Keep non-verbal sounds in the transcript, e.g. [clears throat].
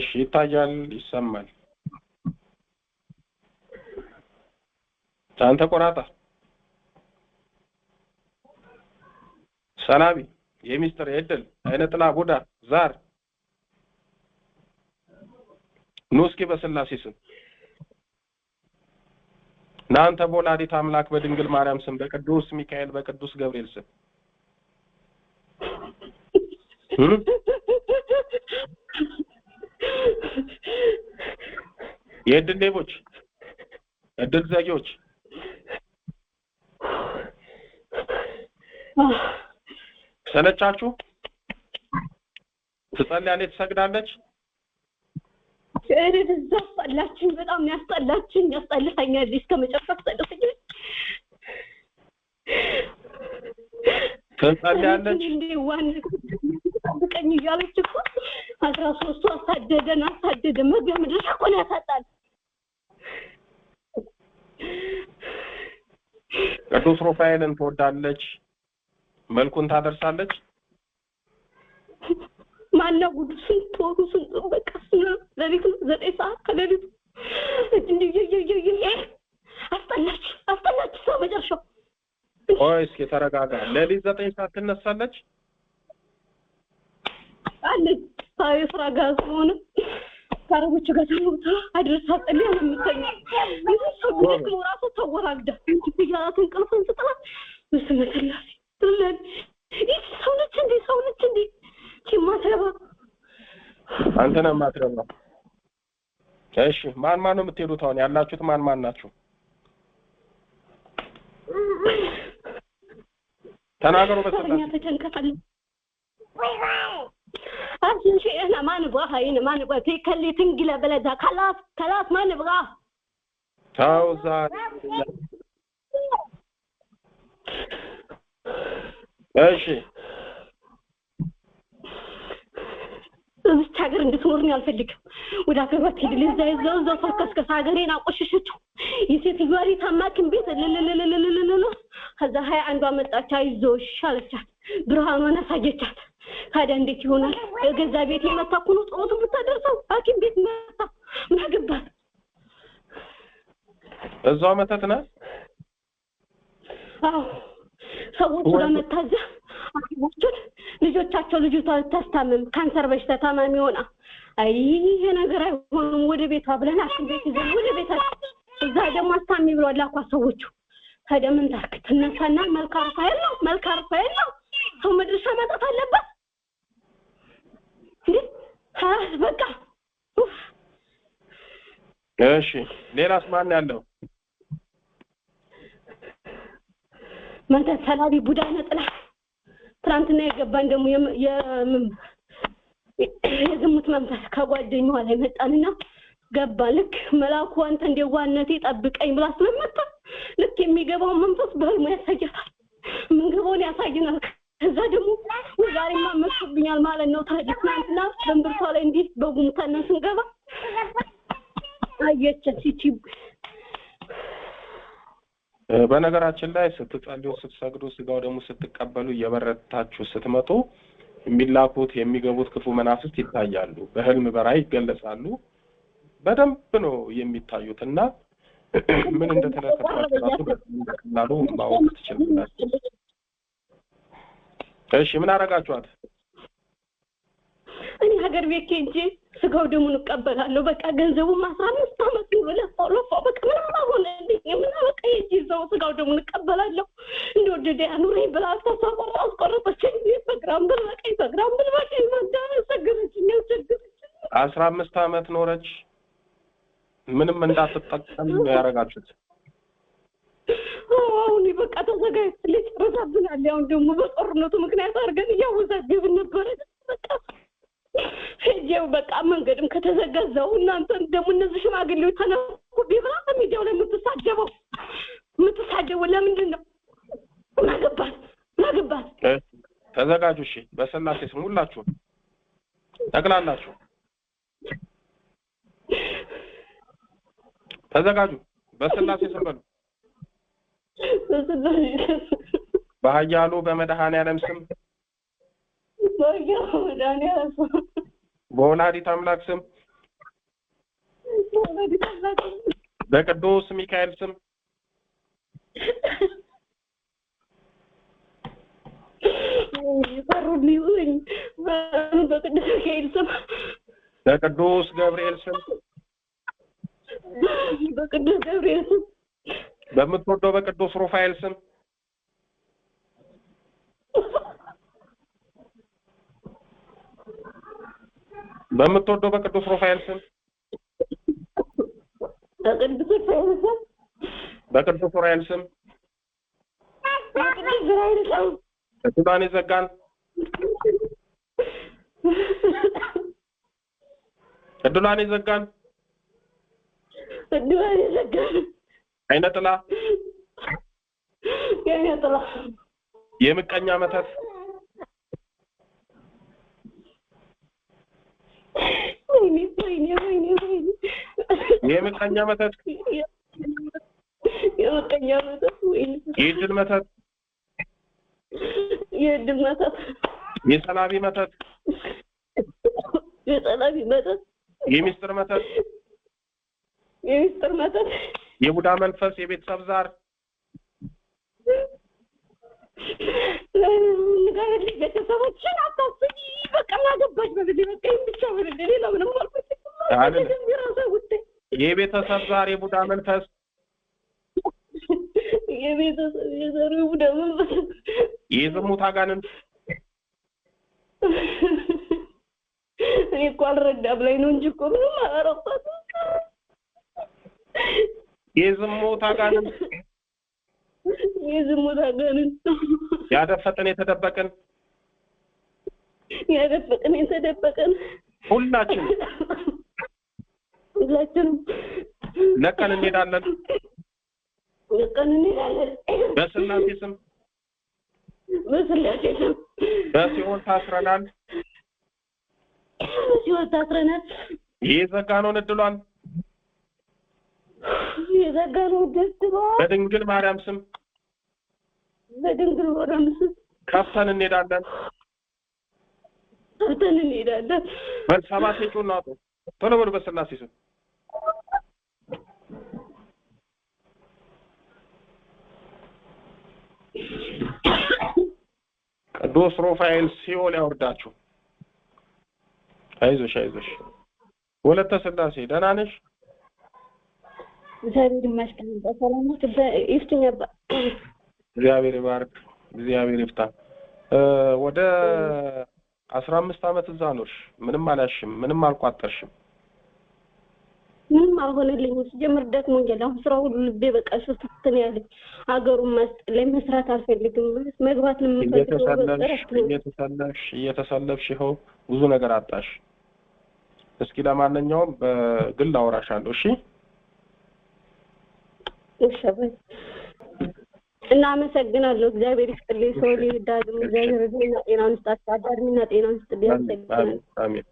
እሺ ይታያል፣ ይሰማል። አንተ ቆራጣ ሰናቢ የሚስጥር የእድል አይነ ጥላ ቡዳ ዛር ኑ እስኪ በስላሴ ስም ናንተ በወላዲት አምላክ በድንግል ማርያም ስም በቅዱስ ሚካኤል በቅዱስ ገብርኤል ስም የእድል ሌቦች፣ እድል ዘጊዎች ሰለቻችሁ። ትጸልያለች፣ ትሰግዳለች። እኔ እዛ አስጠላችኝ። በጣም ያስጠላችኝ፣ ያስጠልታኛል። እስከ መጨረሻ አስጠልታኛል። ትጸልያለች፣ ዋን ጠብቀኝ እያለች እኮ አስራ ሶስቱ አሳደደን አሳደደን መግቢያ መድረሻ እኮ ነው ያሳጣል። ቅዱስ ሩፋኤልን ትወዳለች፣ መልኩን ታደርሳለች። ማነው ጉዱ ስንት ወሩ ስንት በቃ ስነ ሌሊቱ ዘጠኝ ሰዓት ከሌሊቱ አስጠላች አስጠላች ሰው መጨረሻው። ቆይ እስኪ ተረጋጋ። ሌሊት ዘጠኝ ሰዓት ትነሳለች አለች ስራ ጋር ስለሆነ ከአረቦቹ ጋር ተሞታ አድርሳ ጥላ ነው የምተኛው። ይሁን ራሱ ተወራግዳ ያላት እንቅልፍን ስጥላት ምስመሰላሴ ትለን ይህ ሰው ነች እንዴ? ሰው ነች እንዴ? ማትረባ አንተ ነህ ማትረባ። እሺ ማን ማን ነው የምትሄዱት? አሁን ያላችሁት ማን ማን ናችሁ? ተናገሩ። በስላሴ ተጨንቀፋለን هالشيء احنا ما نبغاه هنا ما نبغاه تخلي تنقلب بلدها خلاص خلاص ما نبغاه تاوزر እሺ እዚች ሀገር እንድትኖር ነው አልፈልግም። ወደ ሀገር ባትሄድልኝ እዛ እዛው እዛው ተርከስከስ ሀገሬን አቆሸሸችው። የሴትዮዋ ሪት አማክን ቤት ከዛ ሀያ አንዷ መጣች። አይዞሽ አለቻት። ብርሃኗን አሳየቻት። ታዲያ እንዴት ይሆናል? በገዛ ቤት የመታ እኮ ነው ጸሎት የምታደርሰው። ሐኪም ቤት መታ ምን አገባት? እዛው መተት ናት። አዎ ሰዎቹ ጋር መታዘ ሐኪሞቹን ልጆቻቸው ልጁ ታስታምም ካንሰር በሽታ ታማሚ ሆና አይ ይሄ ነገር አይሆንም ወደ ቤቷ ብለን ሐኪም ቤት ይዘን ወደ ቤታ እዛ ደግሞ አስታሚ ብሏል አኳ ሰዎቹ ታዲያ ምን ታርክ ትነሳና መልካርፋ የለው መልካርፋ የለው ሰው መድረሻ ማጣት አለበት። በቃ እሺ ሌላስ ማን ያለው መንፈስ ሰላቢ ቡዳ ነጥላ ትናንትና የገባን ደግሞ የዝሙት መንፈስ ከጓደኛዋ ላይ መጣንና ገባ ልክ መልአኩ አንተ ዋነቴ ጠብቀኝ ብላ ስለመጣ ልክ የሚገባውን መንፈስ በህልሙ ያሳያታል። ምንገባውን ያሳይናል። ከዛ ደግሞ ዛሬማ መጥቶብኛል ማለት ነው። ታዲያ ትናንትና በንብርቷ ላይ እንዴት በጉምታነ ስንገባ አየችን ሲቺ በነገራችን ላይ ስትጸልዩ ስትሰግዱ ስጋው ደግሞ ስትቀበሉ እየበረታችሁ ስትመጡ የሚላኩት የሚገቡት ክፉ መናፍስት ይታያሉ። በህልም በራእይ ይገለጻሉ። በደንብ ነው የሚታዩትና [clears throat] ምን እንደተለከታችሁ ራሱ በቀላሉ ማወቅ ትችላላችሁ። እሺ ምን አረጋችኋት? እኔ ሀገር ቤት ኬጄ ስጋው ደሙን እቀበላለሁ። በቃ ገንዘቡ አስራ አምስት አመት ነው ለፋው ለፋው በቃ ምንም አልሆነልኝ። ምን በቃ ሄጄ እዛው ስጋው ደሙን እቀበላለሁ። እንደወደደ ያኑረኝ ብላ ተሰበራ አስቆረጠችኝ። በግራም ብል በቃ በግራም ብል በቃ ይመዳ አስቸገረችኝ፣ አስቸገረችኝ። አስራ አምስት አመት ኖረች። ምንም እንዳትጠቀም ነው ያረጋችሁት። አሁን በቃ ተዘጋጅ ሊጨረሳብናል። አሁን ደግሞ በጦርነቱ ምክንያት አድርገን እያወዛገብን ነበረ። በቃ ሄጄው በቃ መንገድም ከተዘጋዛው እናንተ ደግሞ እነዚህ ሽማግሌዎች ተነኩ ቢብላ ሚዲያው ላይ የምትሳደበው የምትሳደበው ለምንድን ነው? ማገባት ማገባት ተዘጋጁ። እሺ በስላሴ ስም ሁላችሁ ጠቅላላችሁ ተዘጋጁ። በስላሴ ስም በሉ በኃያሉ በመድሃን ያለም ስም በወላዲት አምላክ ስም ሚካኤል ስም በቅዱስ ሚካኤል ስም በቅዱስ ገብርኤል ስም በቅዱስ ገብርኤል ስም በምትወደው በቅዱስ ሩፋኤል ስም በምትወደው በቅዱስ ሩፋኤል ስም በቅዱስ ሩፋኤል ስም በቅዱስ ሩፋኤል ስም ሱዳን ይዘጋል። ዕድሏን ይዘጋል። ዕድሏን ይዘጋል። አይነ ጥላ የኔ ጥላ የምቀኛ አመታት የምቀኛ መተት የምቀኛ መተት የእድል መተት የእድል መተት የሰላቢ መተት የሰላቢ መተት የሚስጥር መተት የሚስጥር መተት የቡዳ መንፈስ፣ የቤተሰብ ዛር ንገርልኝ። ቤተሰቦችን አታስቢ። በቃ በቃ ብቻ ሌላ ምንም የቤተሰብ ዛር፣ የቡዳ መንፈስ፣ የቤተሰብ የዘሩ የቡዳ መንፈስ፣ የዝሙት እኔ እኮ አልረዳም ላይ ነው እንጂ እኮ ምንም የዝሙት አጋንንት የዝሙት አጋንንት ያደፈጠን የተደበቅን ያደፈጠን የተደበቅን ሁላችን ሁላችን ለቀን እንሄዳለን ለቀን እንሄዳለን በስላሴ ስም በስላሴ ስም በሲኦል ታስረናል በሲኦል ታስረናል የዘጋነውን እድሏን የዘጋኑ ደስቦ በድንግል ማርያም ስም በድንግል ማርያም ስም ከፍተን እንሄዳለን፣ ከፍተን እንሄዳለን። በሰባት ጩ እናጡ ቶሎ በሉ በስላሴ ስም ቅዱስ ሩፋኤል ሲኦል ያወርዳችሁ። አይዞሽ አይዞሽ። ወለተ ስላሴ ደህና ነሽ? እግዚአብሔር ይመስገን። በሰላም ይፍትኝ አባ። እግዚአብሔር ይባርክ። እግዚአብሔር ይፍታ። ወደ አስራ አምስት ዓመት እዛ ኖርሽ። ምንም አላሽም፣ ምንም አልቋጠርሽም፣ ምንም አልሆነልኝም። ሲጀምር ደክሞኛል። አሁን ስራ ሁሉ ልቤ በቃ ሱስት ነው ያለኝ። አገሩን ላይ መስራት አልፈልግም፣ መግባት ነው እየተሰለፍሽ እየተሰለፍሽ ይኸው ብዙ ነገር አጣሽ። እስኪ ለማንኛውም በግል አውራሻለሁ እሺ እናመሰግናለሁ። እግዚአብሔር ይስጥልኝ። ሰው ዳግም እግዚአብሔር ጤናውን ይስጣችሁ። አዳድሚና ጤናውን ይስጥልኝ። አመሰግናለሁ።